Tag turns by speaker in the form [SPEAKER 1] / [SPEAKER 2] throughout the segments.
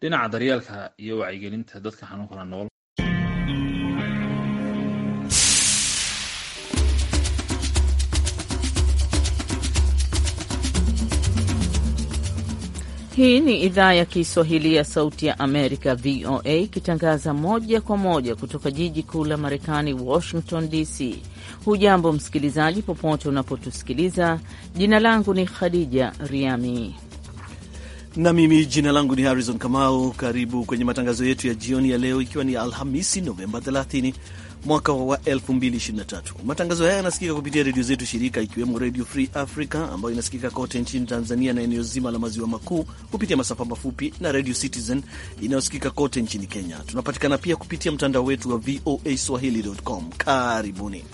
[SPEAKER 1] dhinaca daryeelka iyo wacyigelinta dadka xanuunkana nool.
[SPEAKER 2] Hii ni idhaa ya Kiswahili ya Sauti ya Amerika, VOA, ikitangaza moja kwa moja kutoka jiji kuu la Marekani, Washington DC. Hujambo msikilizaji, popote unapotusikiliza. Jina langu ni Khadija Riami
[SPEAKER 1] na mimi jina langu ni Harrison Kamau. Karibu kwenye matangazo yetu ya jioni ya leo, ikiwa ni Alhamisi Novemba 30 mwaka wa 2023. Matangazo haya yanasikika kupitia redio zetu shirika, ikiwemo Redio Free Africa ambayo inasikika kote nchini Tanzania na eneo zima la maziwa makuu kupitia masafa mafupi na Redio Citizen inayosikika kote nchini Kenya. Tunapatikana pia kupitia mtandao wetu wa voa swahili.com. Karibuni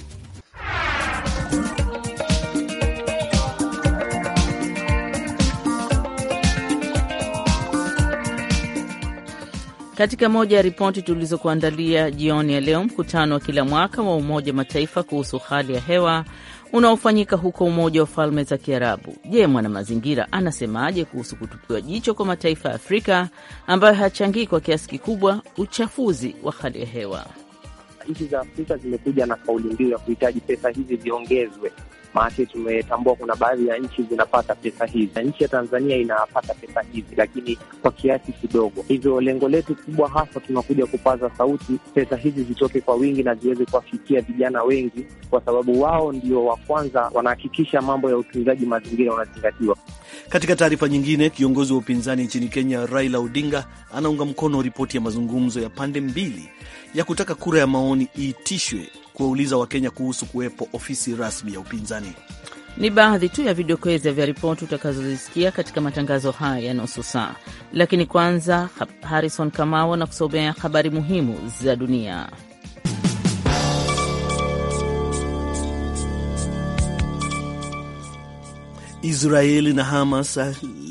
[SPEAKER 2] Katika moja ya ripoti tulizokuandalia jioni ya leo, mkutano wa kila mwaka wa Umoja Mataifa kuhusu hali ya hewa unaofanyika huko Umoja wa Falme za Kiarabu. Je, mwanamazingira anasemaje kuhusu kutupiwa jicho kwa mataifa ya Afrika ambayo hachangii kwa kiasi kikubwa uchafuzi wa hali ya hewa?
[SPEAKER 3] Nchi za Afrika zimekuja na kauli mbiu ya kuhitaji pesa hizi ziongezwe maake tumetambua kuna baadhi ya nchi zinapata pesa hizi, na nchi ya Tanzania inapata pesa hizi, lakini kwa kiasi kidogo. Hivyo lengo letu kubwa hasa tunakuja kupaza sauti, pesa hizi zitoke kwa wingi na ziweze kuwafikia vijana wengi, kwa sababu wao ndio wa kwanza wanahakikisha mambo ya utunzaji mazingira wanazingatiwa.
[SPEAKER 1] Katika taarifa nyingine, kiongozi wa upinzani nchini Kenya Raila Odinga anaunga mkono ripoti ya mazungumzo ya pande mbili ya kutaka kura ya maoni iitishwe kuwauliza Wakenya kuhusu kuwepo ofisi rasmi ya upinzani. Ni
[SPEAKER 2] baadhi tu ya vidokezo vya ripoti utakazozisikia katika matangazo haya ya nusu saa, lakini kwanza Harrison Kamau na kusomea habari muhimu za dunia.
[SPEAKER 1] Israeli na Hamas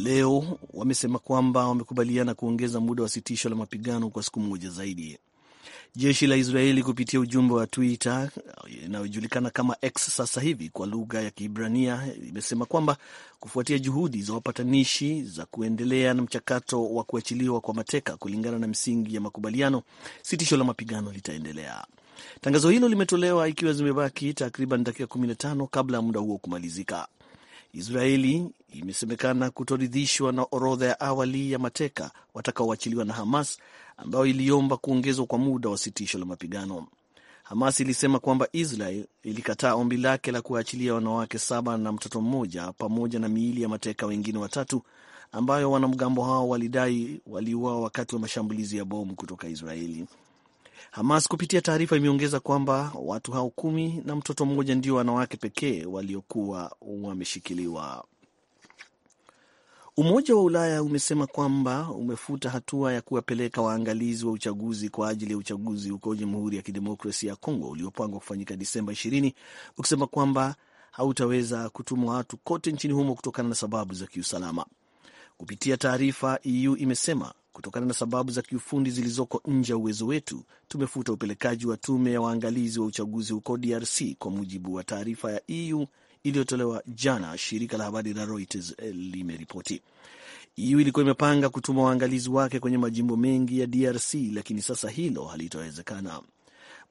[SPEAKER 1] leo wamesema kwamba wamekubaliana kuongeza muda wa sitisho la mapigano kwa siku moja zaidi. Jeshi la Israeli kupitia ujumbe wa Twitter eh, inayojulikana kama X sasa hivi kwa lugha ya Kiibrania imesema kwamba kufuatia juhudi za wapatanishi za kuendelea na mchakato wa kuachiliwa kwa mateka kulingana na misingi ya makubaliano, sitisho la mapigano litaendelea. Tangazo hilo limetolewa ikiwa zimebaki takriban dakika 15 kabla ya muda huo kumalizika. Israeli imesemekana kutoridhishwa na orodha ya awali ya mateka watakaoachiliwa na Hamas ambayo iliomba kuongezwa kwa muda wa sitisho la mapigano. Hamas ilisema kwamba Israel ilikataa ombi lake la kuachilia wanawake saba na mtoto mmoja pamoja na miili ya mateka wengine watatu ambayo wanamgambo hao walidai waliuawa wakati wa mashambulizi ya bomu kutoka Israeli. Hamas kupitia taarifa imeongeza kwamba watu hao kumi na mtoto mmoja ndio wanawake pekee waliokuwa wameshikiliwa. Umoja wa Ulaya umesema kwamba umefuta hatua ya kuwapeleka waangalizi wa uchaguzi kwa ajili ya uchaguzi huko Jamhuri ya Kidemokrasia ya Kongo uliopangwa kufanyika Disemba 20 ukisema kwamba hautaweza kutumwa watu kote nchini humo kutokana na sababu za kiusalama. Kupitia taarifa, EU imesema kutokana na sababu za kiufundi zilizoko nje ya uwezo wetu, tumefuta upelekaji wa tume ya waangalizi wa uchaguzi huko DRC, kwa mujibu wa taarifa ya EU iliyotolewa jana, shirika la habari la Reuters eh, limeripoti. EU ilikuwa imepanga kutuma waangalizi wake kwenye majimbo mengi ya DRC, lakini sasa hilo halitawezekana.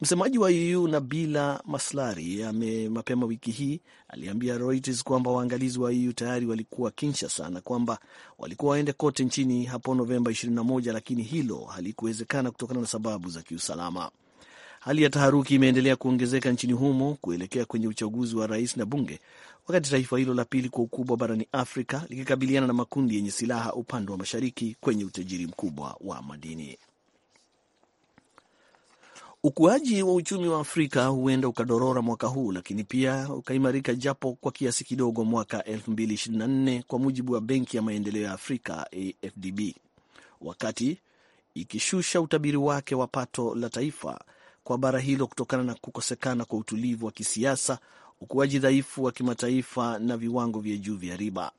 [SPEAKER 1] Msemaji wa EU Nabila Maslari ame mapema wiki hii aliambia Reuters kwamba waangalizi wa EU tayari walikuwa Kinshasa na kwamba walikuwa waende kote nchini hapo Novemba 21, lakini hilo halikuwezekana kutokana na sababu za kiusalama. Hali ya taharuki imeendelea kuongezeka nchini humo kuelekea kwenye uchaguzi wa rais na bunge, wakati taifa hilo la pili kwa ukubwa barani Afrika likikabiliana na makundi yenye silaha upande wa mashariki kwenye utajiri mkubwa wa madini. Ukuaji wa uchumi wa Afrika huenda ukadorora mwaka huu, lakini pia ukaimarika japo kwa kiasi kidogo mwaka 2024 kwa mujibu wa Benki ya Maendeleo ya Afrika AfDB, wakati ikishusha utabiri wake wa pato la taifa kwa bara hilo kutokana na kukosekana kwa utulivu wa kisiasa, ukuaji dhaifu wa kimataifa na viwango vya juu vya riba.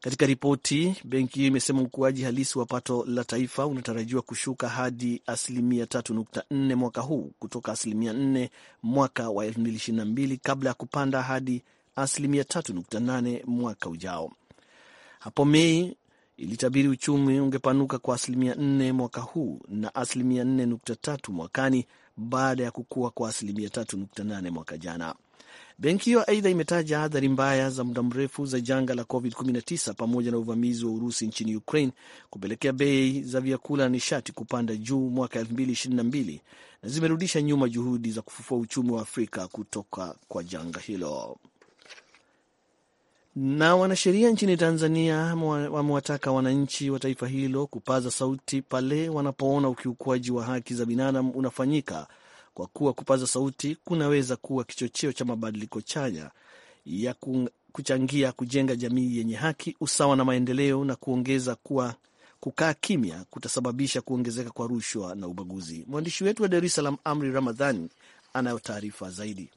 [SPEAKER 1] Katika ripoti, benki hiyo imesema ukuaji halisi wa pato la taifa unatarajiwa kushuka hadi asilimia 3.4 mwaka huu kutoka asilimia 4 mwaka wa 2022 kabla ya kupanda hadi asilimia 3.8 mwaka ujao. Hapo Mei ilitabiri uchumi ungepanuka kwa asilimia 4 mwaka huu na asilimia 4.3 mwakani baada ya kukua kwa asilimia 3.8 mwaka jana. Benki hiyo aidha imetaja athari mbaya za muda mrefu za janga la COVID-19 pamoja na uvamizi wa Urusi nchini Ukraine kupelekea bei za vyakula na nishati kupanda juu mwaka 2022 na zimerudisha nyuma juhudi za kufufua uchumi wa Afrika kutoka kwa janga hilo. Na wanasheria nchini Tanzania wamewataka wananchi wa taifa hilo kupaza sauti pale wanapoona ukiukwaji wa haki za binadamu unafanyika, kwa kuwa kupaza sauti kunaweza kuwa kichocheo cha mabadiliko chanya ya kuchangia kujenga jamii yenye haki, usawa na maendeleo, na kuongeza kuwa kukaa kimya kutasababisha kuongezeka kwa rushwa na ubaguzi. Mwandishi wetu wa Dar es Salaam, Amri Ramadhani, anayo taarifa zaidi.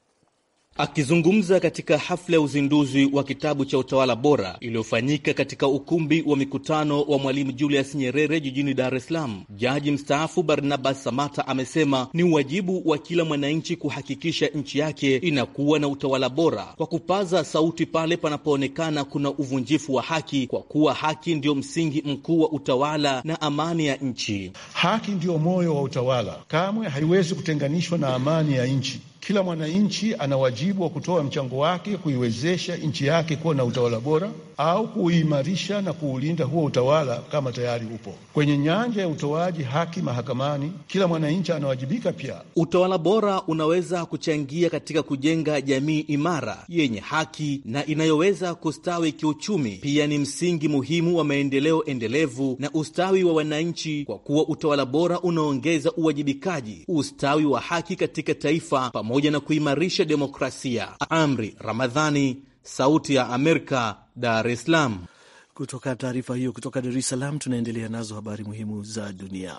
[SPEAKER 1] Akizungumza katika hafla ya uzinduzi wa kitabu cha utawala bora iliyofanyika katika ukumbi wa mikutano wa Mwalimu Julius Nyerere jijini Dar es Salaam, jaji mstaafu Barnabas Samata amesema ni uwajibu wa kila mwananchi kuhakikisha nchi yake inakuwa na utawala bora kwa kupaza sauti pale panapoonekana kuna uvunjifu wa haki, kwa kuwa haki ndiyo msingi mkuu wa utawala na amani ya nchi. Haki ndiyo moyo wa utawala, kamwe haiwezi kutenganishwa na amani ya nchi. Kila mwananchi ana wajibu wa kutoa mchango wake kuiwezesha nchi yake kuwa na utawala bora au kuuimarisha na kuulinda huo utawala kama tayari upo. Kwenye nyanja ya utoaji haki mahakamani, kila mwananchi anawajibika pia. Utawala bora unaweza kuchangia katika kujenga jamii imara yenye haki na inayoweza kustawi kiuchumi. Pia ni msingi muhimu wa maendeleo endelevu na ustawi wa wananchi, kwa kuwa utawala bora unaongeza uwajibikaji, ustawi wa haki katika taifa pamoja pamoja na kuimarisha demokrasia. Amri Ramadhani, Sauti ya Amerika, Dar es Salaam. Kutoka taarifa hiyo kutoka Dar es Salaam, tunaendelea nazo habari muhimu za dunia.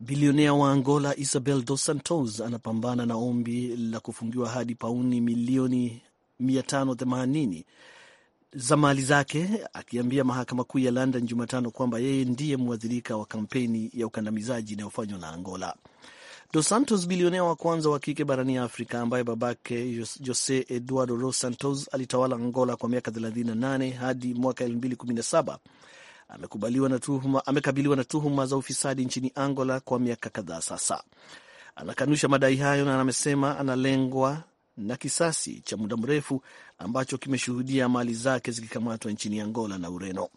[SPEAKER 1] Bilionea wa Angola Isabel Dos Santos anapambana na ombi la kufungiwa hadi pauni milioni 580 za mali zake, akiambia mahakama kuu ya London Jumatano kwamba yeye ndiye mwathirika wa kampeni ya ukandamizaji inayofanywa na Angola. Dos Santos, bilionea wa kwanza wa kike barani Afrika ambaye babake Jose Eduardo Dos Santos alitawala Angola kwa miaka 38 hadi mwaka 2017 amekabiliwa na tuhuma, amekabiliwa na tuhuma za ufisadi nchini Angola kwa miaka kadhaa sasa. Anakanusha madai hayo na amesema analengwa na kisasi cha muda mrefu ambacho kimeshuhudia mali zake zikikamatwa nchini Angola na Ureno.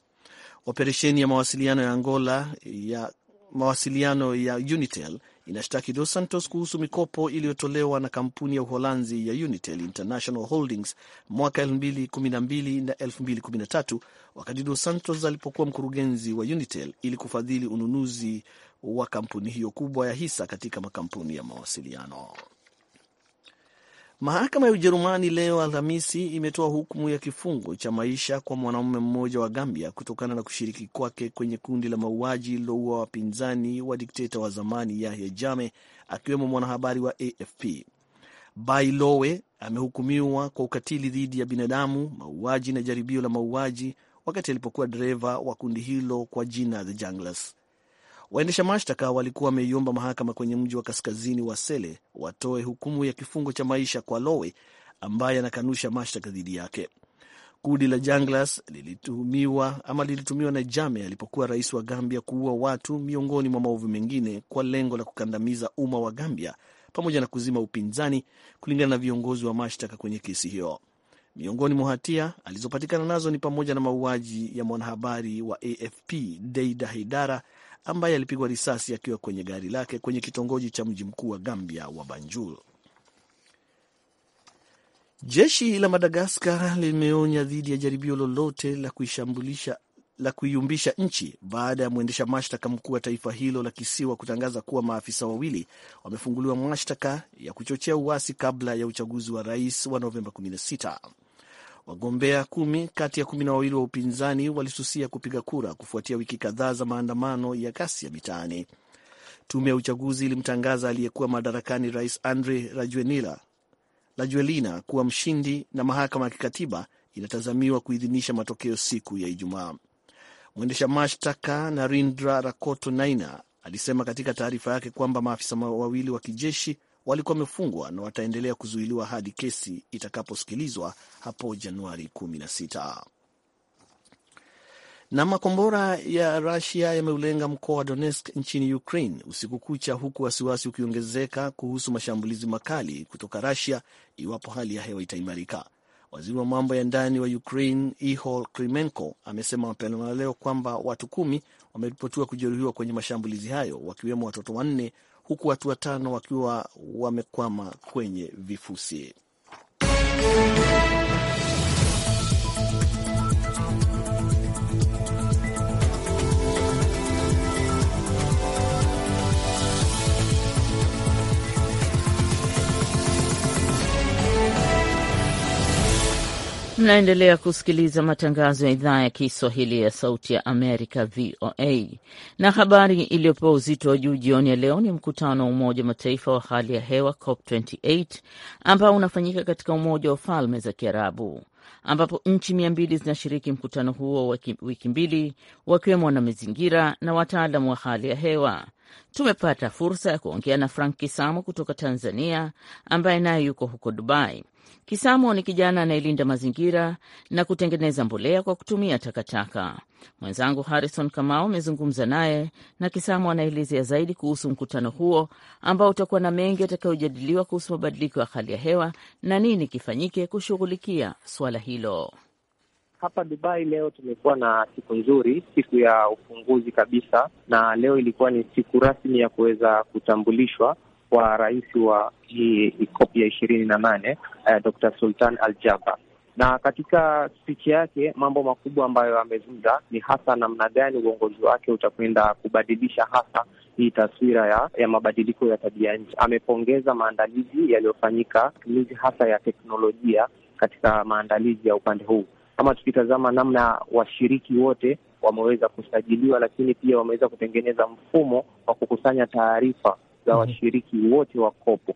[SPEAKER 1] Operesheni ya mawasiliano ya Angola ya mawasiliano ya Unitel inashtaki Dos Santos kuhusu mikopo iliyotolewa na kampuni ya Uholanzi ya Unitel International Holdings mwaka 2012 na 2013 wakati Dos Santos alipokuwa mkurugenzi wa Unitel ili kufadhili ununuzi wa kampuni hiyo kubwa ya hisa katika makampuni ya mawasiliano. Mahakama ya Ujerumani leo Alhamisi imetoa hukumu ya kifungo cha maisha kwa mwanaume mmoja wa Gambia kutokana na kushiriki kwake kwenye kundi la mauaji liloua wapinzani wa dikteta wa zamani Yahya Jammeh, akiwemo mwanahabari wa AFP. Bai Lowe amehukumiwa kwa ukatili dhidi ya binadamu, mauaji na jaribio la mauaji wakati alipokuwa dereva wa kundi hilo kwa jina The Junglers. Waendesha mashtaka walikuwa wameiomba mahakama kwenye mji wa kaskazini wa Sele watoe hukumu ya kifungo cha maisha kwa Lowe ambaye anakanusha mashtaka dhidi yake. Kundi la Janglas lilitumiwa ama lilitumiwa na Jame alipokuwa rais wa Gambia kuua watu, miongoni mwa maovu mengine, kwa lengo la kukandamiza umma wa Gambia pamoja na kuzima upinzani, kulingana na viongozi wa mashtaka kwenye kesi hiyo. Miongoni mwa hatia alizopatikana nazo ni pamoja na mauaji ya mwanahabari wa AFP Deida Haidara ambaye alipigwa risasi akiwa kwenye gari lake kwenye kitongoji cha mji mkuu wa Gambia wa Banjul. Jeshi la Madagaskar limeonya dhidi ya jaribio lolote la kuishambulisha la kuiumbisha nchi baada ya mwendesha mashtaka mkuu wa taifa hilo la kisiwa kutangaza kuwa maafisa wawili wamefunguliwa mashtaka ya kuchochea uasi kabla ya uchaguzi wa rais wa Novemba 16. Wagombea kumi kati ya kumi na wawili wa upinzani walisusia kupiga kura kufuatia wiki kadhaa za maandamano ya ya mitaani. Tume ya uchaguzi ilimtangaza aliyekuwa madarakani Rais Andre rajuelina kuwa mshindi na mahakama ya kikatiba inatazamiwa kuidhinisha matokeo siku ya Ijumaa. Mwendesha mashtaka Narindra Rakoto Naina alisema katika taarifa yake kwamba maafisa wawili wa kijeshi walikuwa wamefungwa na wataendelea kuzuiliwa hadi kesi itakaposikilizwa hapo Januari 16. Na makombora ya Rusia yameulenga mkoa wa Donetsk nchini Ukraine usiku kucha, huku wasiwasi ukiongezeka kuhusu mashambulizi makali kutoka Rusia iwapo hali ya hewa itaimarika. Waziri wa mambo ya ndani wa Ukraine Ihor Krimenko amesema mapema leo kwamba watu kumi wameripotiwa kujeruhiwa kwenye mashambulizi hayo, wakiwemo watoto wanne huku watu watano wakiwa wamekwama kwenye vifusi.
[SPEAKER 2] Mnaendelea kusikiliza matangazo ya idhaa ya Kiswahili ya Sauti ya Amerika, VOA. Na habari iliyopewa uzito wa juu jioni ya leo ni mkutano wa Umoja wa Mataifa wa hali ya hewa COP28 ambao unafanyika katika Umoja wa Falme za Kiarabu, ambapo nchi mia mbili zinashiriki mkutano huo wa wiki mbili, wakiwemo wana mazingira na wataalamu wa hali ya hewa. Tumepata fursa ya kuongea na Frank Kisamo kutoka Tanzania, ambaye naye yuko huko Dubai. Kisamo ni kijana anayelinda mazingira na kutengeneza mbolea kwa kutumia takataka. Mwenzangu Harrison Kamau amezungumza naye na Kisamo anaelezea zaidi kuhusu mkutano huo ambao utakuwa na mengi yatakayojadiliwa kuhusu mabadiliko ya hali ya hewa na nini kifanyike kushughulikia suala hilo.
[SPEAKER 3] Hapa Dubai leo tumekuwa na siku nzuri, siku ya ufunguzi kabisa, na leo ilikuwa ni siku rasmi ya kuweza kutambulishwa kwa rais wa hii kopi ya ishirini na nane eh, Dr. Sultan Al Jaba Na katika spichi yake mambo makubwa ambayo amezungumza ni hasa namna gani uongozi wake utakwenda kubadilisha hasa hii taswira ya, ya mabadiliko ya tabia nchi. Amepongeza maandalizi yaliyofanyika, matumizi hasa ya teknolojia katika maandalizi ya upande huu kama tukitazama namna washiriki wote wameweza kusajiliwa, lakini pia wameweza kutengeneza mfumo wa kukusanya taarifa za mhm. washiriki wote wa kopo.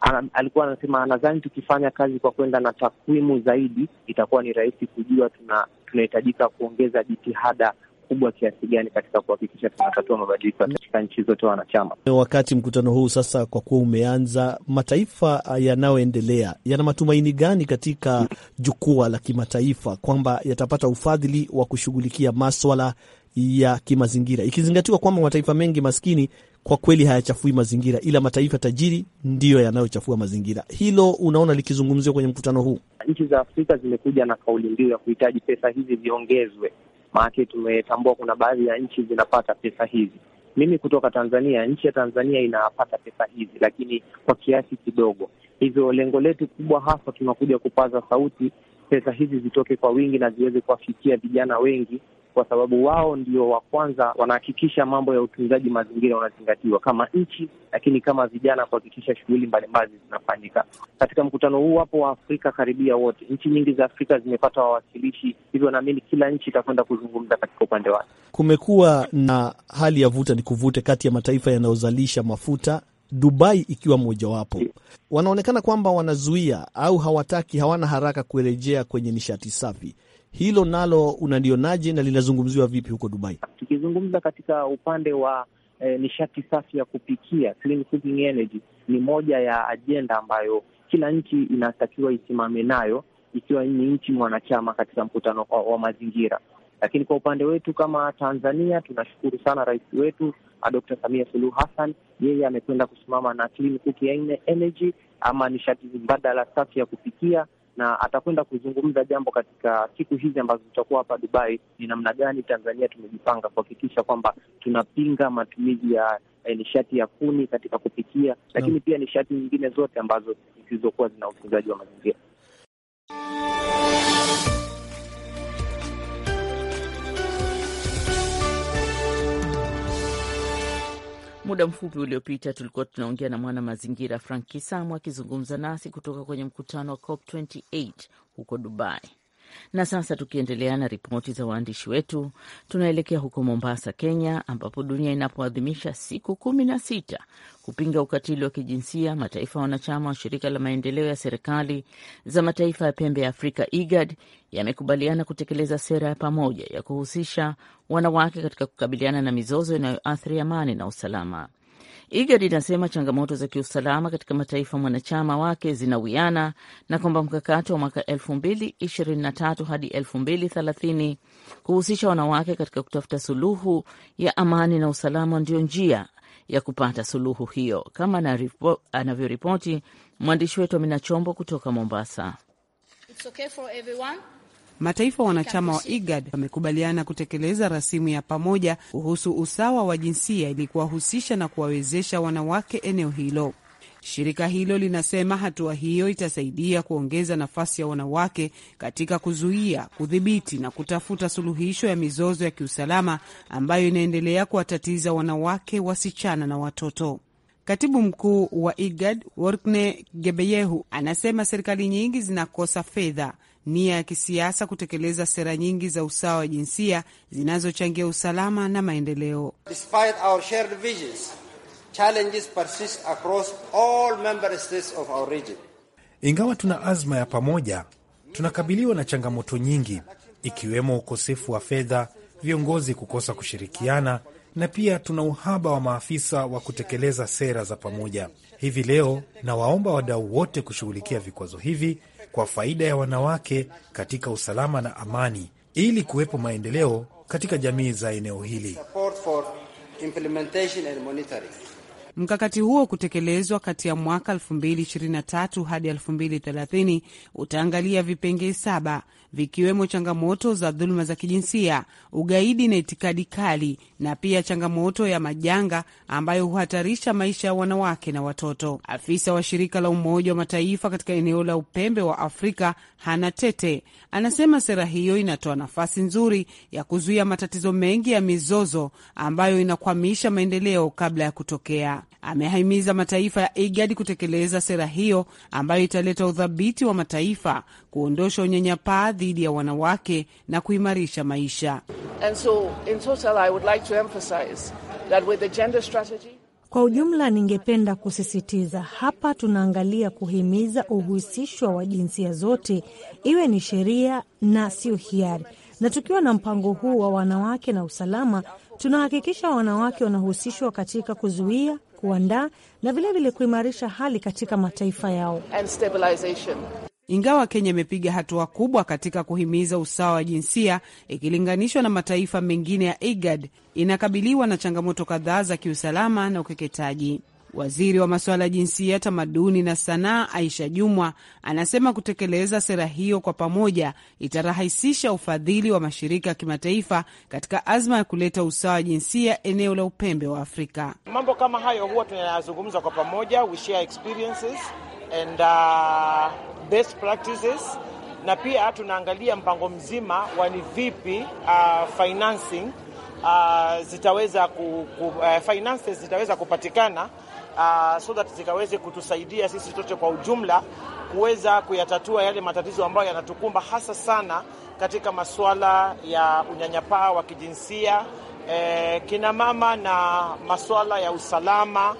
[SPEAKER 3] Ana, alikuwa anasema nadhani tukifanya kazi kwa kwenda na takwimu zaidi itakuwa ni rahisi kujua tuna tunahitajika kuongeza jitihada kubwa kiasi gani katika kuhakikisha tunatatua mabadiliko katika nchi zote wanachama.
[SPEAKER 1] Wakati mkutano huu sasa kwa kuwa umeanza, mataifa yanayoendelea yana matumaini gani katika jukwaa la kimataifa kwamba yatapata ufadhili wa kushughulikia maswala ya kimazingira, ikizingatiwa kwamba mataifa mengi maskini kwa kweli hayachafui mazingira, ila mataifa tajiri ndiyo yanayochafua mazingira. Hilo unaona likizungumziwa kwenye mkutano huu?
[SPEAKER 3] Nchi za Afrika zimekuja na kauli mbiu ya kuhitaji pesa hizi ziongezwe maanake tumetambua kuna baadhi ya nchi zinapata pesa hizi. Mimi kutoka Tanzania, nchi ya Tanzania inapata pesa hizi, lakini kwa kiasi kidogo. Hivyo lengo letu kubwa hasa tunakuja kupaza sauti, pesa hizi zitoke kwa wingi na ziweze kuwafikia vijana wengi kwa sababu wao ndio wa kwanza wanahakikisha mambo ya utunzaji mazingira unazingatiwa kama nchi, lakini kama vijana kuhakikisha shughuli mbalimbali zinafanyika. Katika mkutano huu wapo wa Afrika karibia wote, nchi nyingi za Afrika zimepata wawakilishi, hivyo naamini kila nchi itakwenda kuzungumza katika upande wake.
[SPEAKER 1] Kumekuwa na hali ya vuta ni kuvute kati ya mataifa yanayozalisha mafuta Dubai ikiwa mojawapo, wanaonekana kwamba wanazuia au hawataki, hawana haraka kurejea kwenye nishati safi hilo nalo unalionaje na linazungumziwa vipi huko Dubai?
[SPEAKER 3] Tukizungumza katika upande wa eh, nishati safi ya kupikia, clean cooking energy, ni moja ya ajenda ambayo kila nchi inatakiwa isimame nayo ikiwa ni nchi mwanachama katika mkutano wa mazingira. Lakini kwa upande wetu kama Tanzania tunashukuru sana rais wetu ah, Dr. Samia Suluhu Hassan, yeye amekwenda kusimama na clean cooking energy ama nishati mbadala safi ya kupikia na atakwenda kuzungumza jambo katika siku hizi ambazo zitakuwa hapa Dubai, ni namna gani Tanzania tumejipanga kuhakikisha kwamba tunapinga matumizi ya eh, nishati ya kuni katika kupikia, lakini no. pia nishati nyingine zote ambazo zisizokuwa zina utunzaji wa mazingira.
[SPEAKER 2] Muda mfupi uliopita tulikuwa tunaongea na mwana mazingira Frank Kisamu akizungumza nasi kutoka kwenye mkutano wa COP 28 huko Dubai. Na sasa tukiendelea na ripoti za waandishi wetu, tunaelekea huko Mombasa, Kenya, ambapo dunia inapoadhimisha siku kumi na sita kupinga ukatili wa kijinsia, mataifa wanachama wa shirika la maendeleo ya serikali za mataifa ya pembe ya Afrika, IGAD, yamekubaliana kutekeleza sera ya pamoja ya kuhusisha wanawake katika kukabiliana na mizozo inayoathiri amani na usalama. IGAD inasema changamoto za kiusalama katika mataifa mwanachama wake zinawiana na kwamba mkakati wa mwaka 2023 hadi 2030 kuhusisha wanawake katika kutafuta suluhu ya amani na usalama ndiyo njia ya kupata suluhu hiyo, kama anavyoripoti
[SPEAKER 4] mwandishi wetu Amina Chombo kutoka Mombasa.
[SPEAKER 2] It's okay for everyone.
[SPEAKER 4] Mataifa wanachama wa IGAD wamekubaliana kutekeleza rasimu ya pamoja kuhusu usawa wa jinsia ili kuwahusisha na kuwawezesha wanawake eneo hilo. Shirika hilo linasema hatua hiyo itasaidia kuongeza nafasi ya wanawake katika kuzuia, kudhibiti na kutafuta suluhisho ya mizozo ya kiusalama ambayo inaendelea kuwatatiza wanawake, wasichana na watoto. Katibu mkuu wa IGAD Workne Gebeyehu anasema serikali nyingi zinakosa fedha nia ya kisiasa kutekeleza sera nyingi za usawa wa jinsia zinazochangia usalama na maendeleo.
[SPEAKER 3] Ingawa tuna azma ya pamoja, tunakabiliwa na changamoto nyingi, ikiwemo ukosefu wa fedha, viongozi kukosa kushirikiana, na pia tuna uhaba wa maafisa wa kutekeleza sera za pamoja. Hivi leo, nawaomba wadau wote kushughulikia vikwazo hivi kwa faida ya wanawake katika usalama na amani ili kuwepo maendeleo katika jamii za eneo hili.
[SPEAKER 4] Mkakati huo kutekelezwa kati ya mwaka 2023 hadi 2030 utaangalia vipengee saba vikiwemo changamoto za dhuluma za kijinsia, ugaidi na itikadi kali, na pia changamoto ya majanga ambayo huhatarisha maisha ya wanawake na watoto. Afisa wa shirika la Umoja wa Mataifa katika eneo la upembe wa Afrika, Hana Tete, anasema sera hiyo inatoa nafasi nzuri ya kuzuia matatizo mengi ya mizozo ambayo inakwamisha maendeleo kabla ya kutokea. Amehimiza mataifa ya IGAD kutekeleza sera hiyo ambayo italeta udhabiti wa mataifa, kuondosha unyanyapaa dhidi ya wanawake na kuimarisha maisha.
[SPEAKER 1] And so, in total, I would like to emphasize that with the gender strategy...
[SPEAKER 2] Kwa ujumla, ningependa kusisitiza hapa, tunaangalia kuhimiza uhusishwa wa jinsia zote, iwe ni sheria na sio hiari, na tukiwa na mpango huu wa wanawake na usalama, tunahakikisha wanawake wanahusishwa katika kuzuia, kuandaa na vilevile kuimarisha hali katika mataifa yao And
[SPEAKER 4] ingawa Kenya imepiga hatua kubwa katika kuhimiza usawa wa jinsia ikilinganishwa na mataifa mengine ya IGAD, inakabiliwa na changamoto kadhaa za kiusalama na ukeketaji. Waziri wa masuala ya jinsia, tamaduni na sanaa, Aisha Jumwa, anasema kutekeleza sera hiyo kwa pamoja itarahisisha ufadhili wa mashirika ya kimataifa katika azma ya kuleta usawa wa jinsia eneo la upembe wa Afrika.
[SPEAKER 3] Mambo kama hayo huwa tunayazungumza kwa pamoja, we share experiences and uh best practices, na pia tunaangalia mpango mzima wa ni vipi uh, financing uh, zitaweza ku, ku, uh, finances zitaweza kupatikana uh, so that zikaweze kutusaidia sisi sote kwa ujumla kuweza kuyatatua yale matatizo ambayo yanatukumba hasa sana katika masuala ya unyanyapaa wa kijinsia eh, kinamama na masuala ya usalama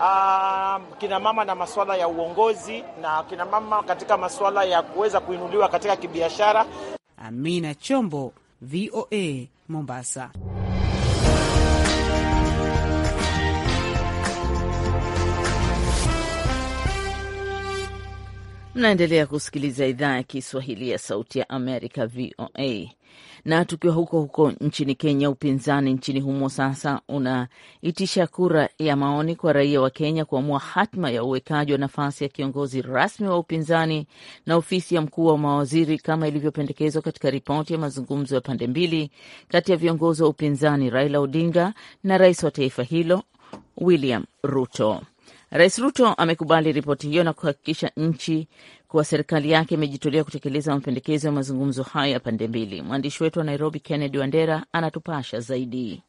[SPEAKER 3] Ah, kinamama na masuala ya uongozi na kinamama katika masuala ya kuweza kuinuliwa katika kibiashara.
[SPEAKER 4] Amina Chombo, VOA Mombasa.
[SPEAKER 2] Mnaendelea kusikiliza idhaa ya Kiswahili ya Sauti ya Amerika, VOA. Na tukiwa huko huko nchini Kenya, upinzani nchini humo sasa unaitisha kura ya maoni kwa raia wa Kenya kuamua hatma ya uwekaji wa nafasi ya kiongozi rasmi wa upinzani na ofisi ya mkuu wa mawaziri kama ilivyopendekezwa katika ripoti ya mazungumzo ya pande mbili kati ya viongozi wa upinzani Raila Odinga na rais wa taifa hilo William Ruto. Rais Ruto amekubali ripoti hiyo na kuhakikisha nchi kuwa serikali yake imejitolea kutekeleza mapendekezo ya mazungumzo hayo ya pande mbili. Mwandishi wetu wa Nairobi, Kennedy Wandera, anatupasha zaidi.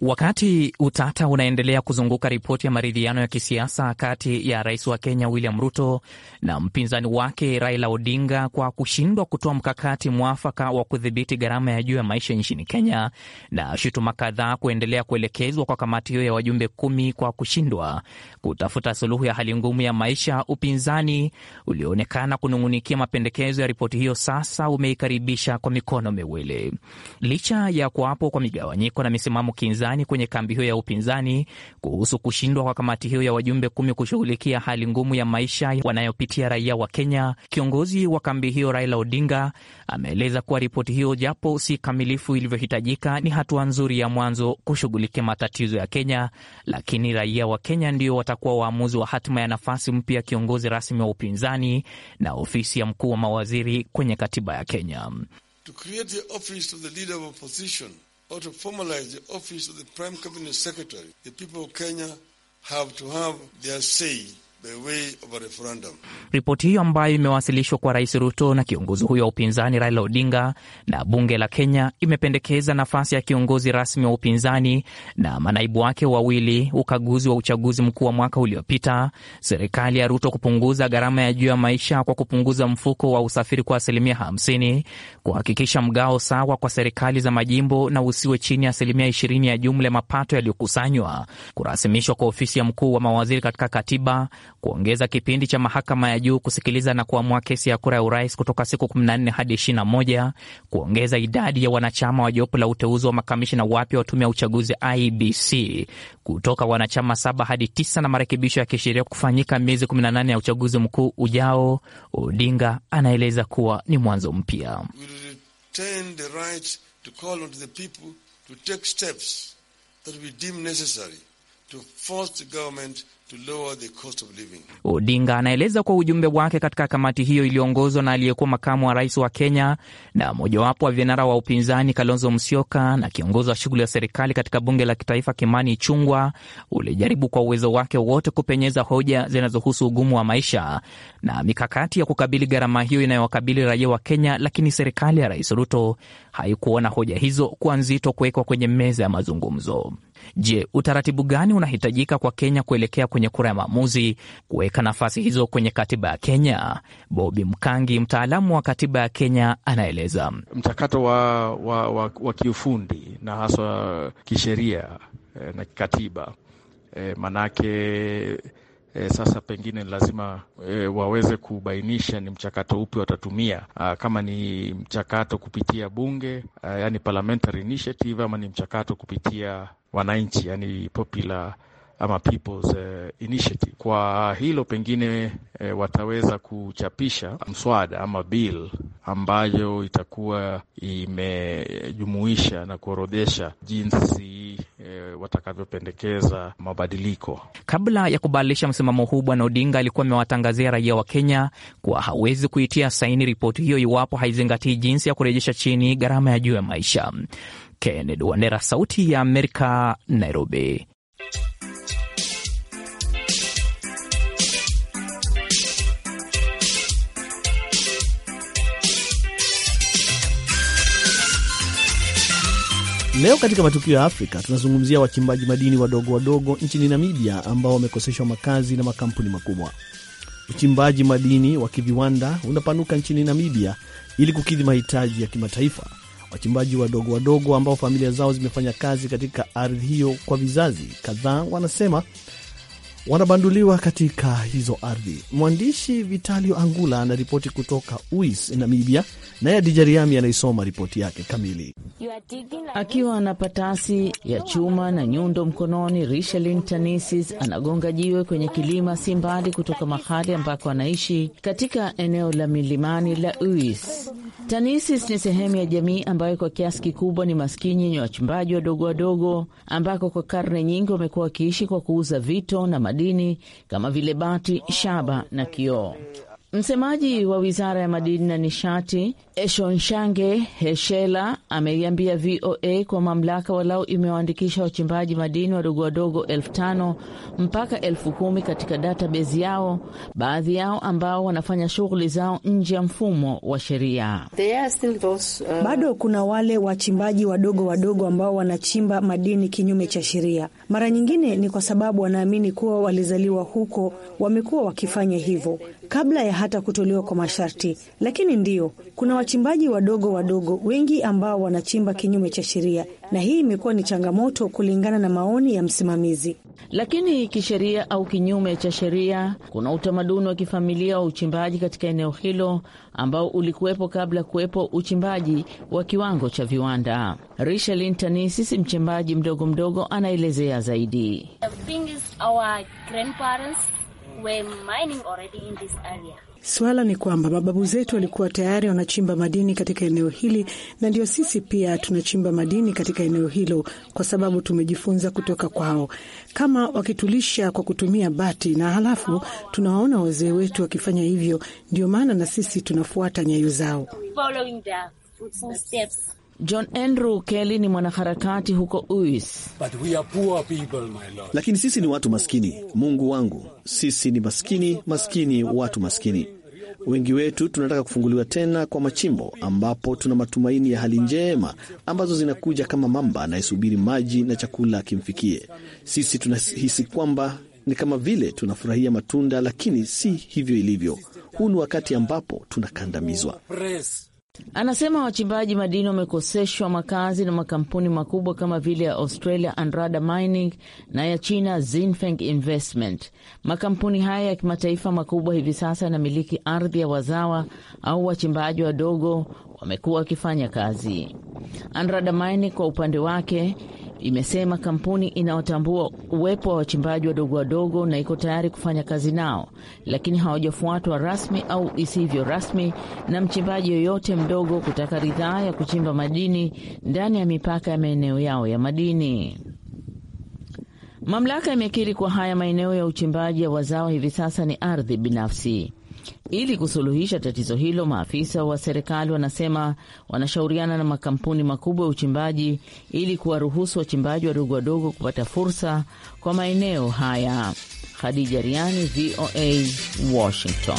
[SPEAKER 5] Wakati utata unaendelea kuzunguka ripoti ya maridhiano ya kisiasa kati ya rais wa Kenya William Ruto na mpinzani wake Raila Odinga kwa kushindwa kutoa mkakati mwafaka wa kudhibiti gharama ya juu ya maisha nchini Kenya, na shutuma kadhaa kuendelea kuelekezwa kwa kamati hiyo ya wajumbe kumi kwa kushindwa kutafuta suluhu ya hali ngumu ya maisha, upinzani ulioonekana kunung'unikia mapendekezo ya ripoti hiyo sasa umeikaribisha kwa mikono miwili, licha ya kuwapo kwa migawanyiko na misimamo kinzani upinzani kwenye kambi hiyo ya upinzani kuhusu kushindwa kwa kamati hiyo ya wajumbe kumi kushughulikia hali ngumu ya maisha wanayopitia raia wa Kenya. Kiongozi wa kambi hiyo Raila Odinga ameeleza kuwa ripoti hiyo, japo si kamilifu ilivyohitajika, ni hatua nzuri ya mwanzo kushughulikia matatizo ya Kenya, lakini raia wa Kenya ndio watakuwa waamuzi wa hatima ya nafasi mpya ya kiongozi rasmi wa upinzani na ofisi ya mkuu wa mawaziri kwenye katiba ya Kenya.
[SPEAKER 4] To create the office of the leader of opposition or to formalize the office of the Prime Cabinet Secretary, the people of Kenya have to have their say
[SPEAKER 5] Ripoti hiyo ambayo imewasilishwa kwa Rais Ruto na kiongozi huyo wa upinzani Raila Odinga na bunge la Kenya imependekeza nafasi ya kiongozi rasmi wa upinzani na manaibu wake wawili, ukaguzi wa uchaguzi mkuu wa mwaka uliopita, serikali ya Ruto kupunguza gharama ya juu ya maisha kwa kupunguza mfuko wa usafiri kwa asilimia 50, kuhakikisha mgao sawa kwa serikali za majimbo na usiwe chini ya asilimia 20 ya jumla ya mapato yaliyokusanywa, kurasimishwa kwa ofisi ya mkuu wa mawaziri katika katiba kuongeza kipindi cha mahakama ya juu kusikiliza na kuamua kesi ya kura ya urais kutoka siku 14 hadi 21, kuongeza idadi ya wanachama wa jopo la uteuzi wa makamishina wapya wa tume ya uchaguzi IBC kutoka wanachama saba hadi tisa, na marekebisho ya kisheria kufanyika miezi 18 ya uchaguzi mkuu ujao. Odinga anaeleza kuwa ni mwanzo mpya. we'll Odinga anaeleza kwa ujumbe wake katika kamati hiyo iliyoongozwa na aliyekuwa makamu wa rais wa Kenya na mojawapo wa vinara wa upinzani Kalonzo Musyoka na kiongozi wa shughuli ya serikali katika bunge la kitaifa Kimani chungwa ulijaribu kwa uwezo wake wote kupenyeza hoja zinazohusu ugumu wa maisha na mikakati ya kukabili gharama hiyo inayowakabili raia wa Kenya, lakini serikali ya Rais Ruto haikuona hoja hizo kuwa nzito kuwekwa kwenye meza ya mazungumzo. Je, utaratibu gani unahitajika kwa Kenya kuelekea kwenye kura ya maamuzi kuweka nafasi hizo kwenye katiba ya Kenya? Bobi Mkangi, mtaalamu wa katiba ya Kenya, anaeleza
[SPEAKER 1] mchakato wa, wa, wa, wa kiufundi na haswa kisheria eh, na kikatiba. eh, manake E, sasa pengine lazima e, waweze kubainisha ni mchakato upi watatumia, a, ah, kama ni mchakato kupitia bunge a, ah, yani parliamentary initiative ama ni mchakato kupitia wananchi yani popular ama people's uh, initiative. Kwa hilo pengine uh, wataweza kuchapisha mswada ama bill ambayo itakuwa imejumuisha na kuorodhesha jinsi uh, watakavyopendekeza mabadiliko.
[SPEAKER 5] Kabla ya kubadilisha msimamo huu, Bwana Odinga alikuwa amewatangazia raia wa Kenya kuwa hawezi kuitia saini ripoti hiyo iwapo haizingatii jinsi ya kurejesha chini gharama ya juu ya maisha. Kennedy Wandera, Sauti ya Amerika, Nairobi.
[SPEAKER 1] Leo katika matukio ya Afrika tunazungumzia wachimbaji madini wadogo wadogo nchini Namibia ambao wamekoseshwa makazi na makampuni makubwa. Uchimbaji madini wa kiviwanda unapanuka nchini Namibia ili kukidhi mahitaji ya kimataifa. Wachimbaji wadogo wadogo ambao familia zao zimefanya kazi katika ardhi hiyo kwa vizazi kadhaa wanasema wanabanduliwa katika hizo ardhi. Mwandishi Vitalio Angula anaripoti kutoka Uis, Namibia, naye Adija Riami anaisoma ripoti yake kamili.
[SPEAKER 2] Akiwa na patasi
[SPEAKER 1] ya chuma na nyundo
[SPEAKER 2] mkononi, richelin Tanisis anagonga jiwe kwenye kilima si mbali kutoka mahali ambako anaishi katika eneo la milimani la Uis. Tanisis ni sehemu ya jamii ambayo kwa kiasi kikubwa ni maskini yenye wachimbaji wadogo wadogo, ambako kwa karne nyingi wamekuwa wakiishi kwa kuuza vito na madini kama vile bati, shaba na kioo. Msemaji wa wizara ya madini na nishati Eshonshange Heshela ameiambia VOA kwa mamlaka walau imewaandikisha wachimbaji madini wadogo wadogo elfu tano mpaka elfu kumi katika database yao, baadhi yao ambao wanafanya shughuli zao nje ya mfumo wa sheria. Uh... bado
[SPEAKER 4] kuna wale wachimbaji wadogo wadogo ambao wanachimba madini kinyume cha sheria. Mara nyingine ni kwa sababu wanaamini kuwa walizaliwa huko, wamekuwa wakifanya hivyo kabla ya hata kutolewa kwa masharti, lakini ndio kuna wachimbaji wadogo wadogo
[SPEAKER 2] wengi ambao wanachimba kinyume cha sheria, na hii imekuwa ni changamoto kulingana na maoni ya msimamizi. Lakini kisheria au kinyume cha sheria, kuna utamaduni wa kifamilia wa uchimbaji katika eneo hilo ambao ulikuwepo kabla ya kuwepo uchimbaji wa kiwango cha viwanda. Rishelin tanisisi mchimbaji mdogo mdogo, anaelezea
[SPEAKER 4] zaidi.
[SPEAKER 2] The thing is our grandparents were mining already in this
[SPEAKER 4] area. Swala ni kwamba mababu zetu walikuwa tayari wanachimba madini katika eneo hili, na ndio sisi pia tunachimba madini katika eneo hilo, kwa sababu tumejifunza kutoka kwao, kama wakitulisha kwa kutumia bati, na halafu tunawaona wazee wetu wakifanya hivyo, ndio maana na sisi tunafuata nyayo zao.
[SPEAKER 2] John Andrew Kelly ni mwanaharakati huko UIS.
[SPEAKER 1] Lakini sisi ni watu maskini, Mungu wangu, sisi ni maskini, maskini, watu maskini. Wengi wetu tunataka kufunguliwa tena kwa machimbo ambapo tuna matumaini ya hali njema ambazo zinakuja kama mamba anayesubiri maji na chakula akimfikie. Sisi tunahisi kwamba ni kama vile tunafurahia matunda, lakini si hivyo ilivyo. Huu ni wakati ambapo tunakandamizwa.
[SPEAKER 2] Anasema wachimbaji madini wamekoseshwa makazi na makampuni makubwa kama vile ya Australia Andrada Mining na ya China Zinfeng Investment. Makampuni haya ya kimataifa makubwa hivi sasa yanamiliki ardhi ya wazawa au wachimbaji wadogo wamekuwa wakifanya kazi. Andrada Mining kwa upande wake imesema kampuni inawatambua uwepo wa wachimbaji wadogo wadogo na iko tayari kufanya kazi nao, lakini hawajafuatwa rasmi au isivyo rasmi na mchimbaji yoyote mdogo kutaka ridhaa ya kuchimba madini ndani ya mipaka ya maeneo yao ya madini. Mamlaka imekiri kwa haya maeneo ya uchimbaji ya wazawa hivi sasa ni ardhi binafsi. Ili kusuluhisha tatizo hilo, maafisa wa serikali wanasema wanashauriana na makampuni makubwa ya uchimbaji ili kuwaruhusu wachimbaji wadogo wadogo kupata fursa kwa maeneo haya. Khadija Riani, VOA, Washington.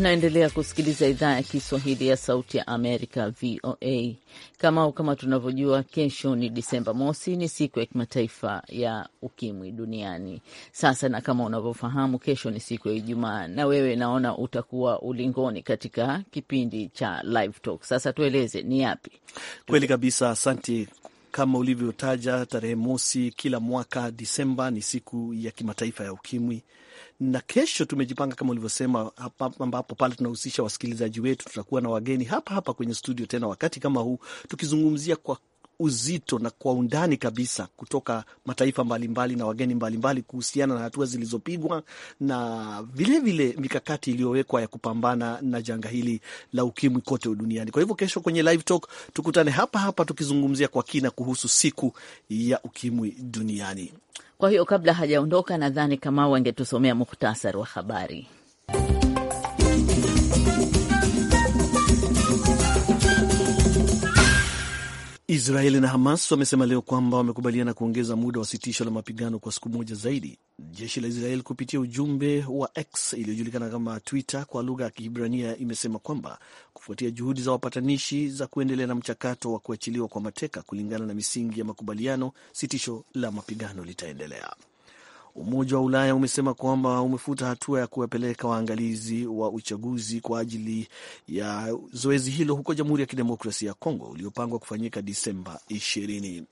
[SPEAKER 2] naendelea kusikiliza idhaa ya Kiswahili ya Sauti ya Amerika, VOA. Kama kama tunavyojua, kesho ni Disemba mosi, ni siku ya kimataifa ya ukimwi duniani. Sasa na kama unavyofahamu, kesho ni siku ya Ijumaa na wewe naona utakuwa ulingoni katika kipindi cha Live Talk. Sasa tueleze ni
[SPEAKER 1] yapi? Kweli kabisa, asante kama ulivyotaja, tarehe mosi kila mwaka Disemba ni siku ya kimataifa ya ukimwi na kesho tumejipanga kama ulivyosema, ambapo pale tunahusisha wasikilizaji wetu. Tutakuwa na wageni hapa hapa kwenye studio tena wakati kama huu, tukizungumzia kwa uzito na kwa undani kabisa kutoka mataifa mbalimbali na wageni mbalimbali kuhusiana na hatua zilizopigwa na vilevile mikakati iliyowekwa ya kupambana na janga hili la ukimwi kote duniani. Kwa hivyo kesho kwenye live talk tukutane hapa hapa tukizungumzia kwa kina kuhusu siku ya ukimwi duniani. Kwa hiyo kabla hajaondoka,
[SPEAKER 2] nadhani kama wangetusomea muhtasari wa habari.
[SPEAKER 1] Israeli na Hamas wamesema leo kwamba wamekubaliana kuongeza muda wa sitisho la mapigano kwa siku moja zaidi. Jeshi la Israeli kupitia ujumbe wa X iliyojulikana kama Twitter kwa lugha ya Kihibrania imesema kwamba kufuatia juhudi za wapatanishi za kuendelea na mchakato wa kuachiliwa kwa mateka kulingana na misingi ya makubaliano, sitisho la mapigano litaendelea. Umoja wa Ulaya umesema kwamba umefuta hatua ya kuwapeleka waangalizi wa uchaguzi kwa ajili ya zoezi hilo huko Jamhuri ya Kidemokrasia ya Kongo uliopangwa kufanyika Disemba 20.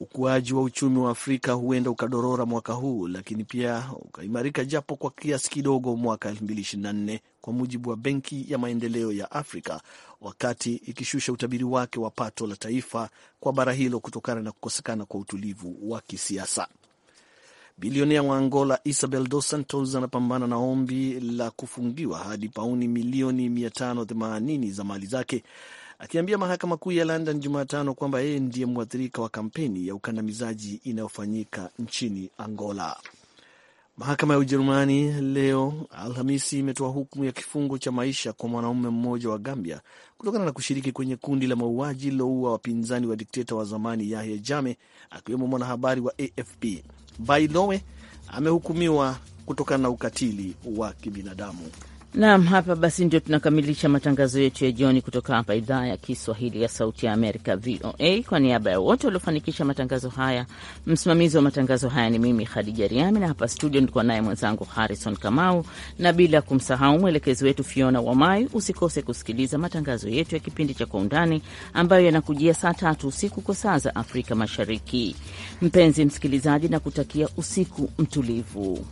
[SPEAKER 1] Ukuaji wa uchumi wa Afrika huenda ukadorora mwaka huu, lakini pia ukaimarika japo kwa kiasi kidogo mwaka 2024 kwa mujibu wa Benki ya Maendeleo ya Afrika, wakati ikishusha utabiri wake wa pato la taifa kwa bara hilo kutokana na kukosekana kwa utulivu wa kisiasa. Bilionea wa Angola Isabel Dos Santos anapambana na ombi la kufungiwa hadi pauni milioni 580 za mali zake, akiambia mahakama kuu ya London Jumatano kwamba yeye ndiye mwathirika wa kampeni ya ukandamizaji inayofanyika nchini Angola. Mahakama ya Ujerumani leo Alhamisi imetoa hukumu ya kifungo cha maisha kwa mwanaume mmoja wa Gambia kutokana na kushiriki kwenye kundi la mauaji liloua wapinzani wa dikteta wa zamani Yahya Jammeh, akiwemo mwanahabari wa AFP. Bainoe amehukumiwa kutokana na ukatili wa kibinadamu.
[SPEAKER 2] Naam, hapa basi ndio tunakamilisha matangazo yetu ya jioni kutoka hapa idhaa ya Kiswahili ya Sauti ya Amerika, VOA. Kwa niaba ya wote waliofanikisha matangazo haya, msimamizi wa matangazo haya ni mimi Khadija Riami, na hapa studio nilikuwa naye mwenzangu Harrison Kamau, na bila kumsahau mwelekezi wetu Fiona Wamai. Usikose kusikiliza matangazo yetu ya kipindi cha Kwa Undani ambayo yanakujia saa tatu usiku kwa saa za Afrika Mashariki. Mpenzi msikilizaji, na kutakia usiku mtulivu.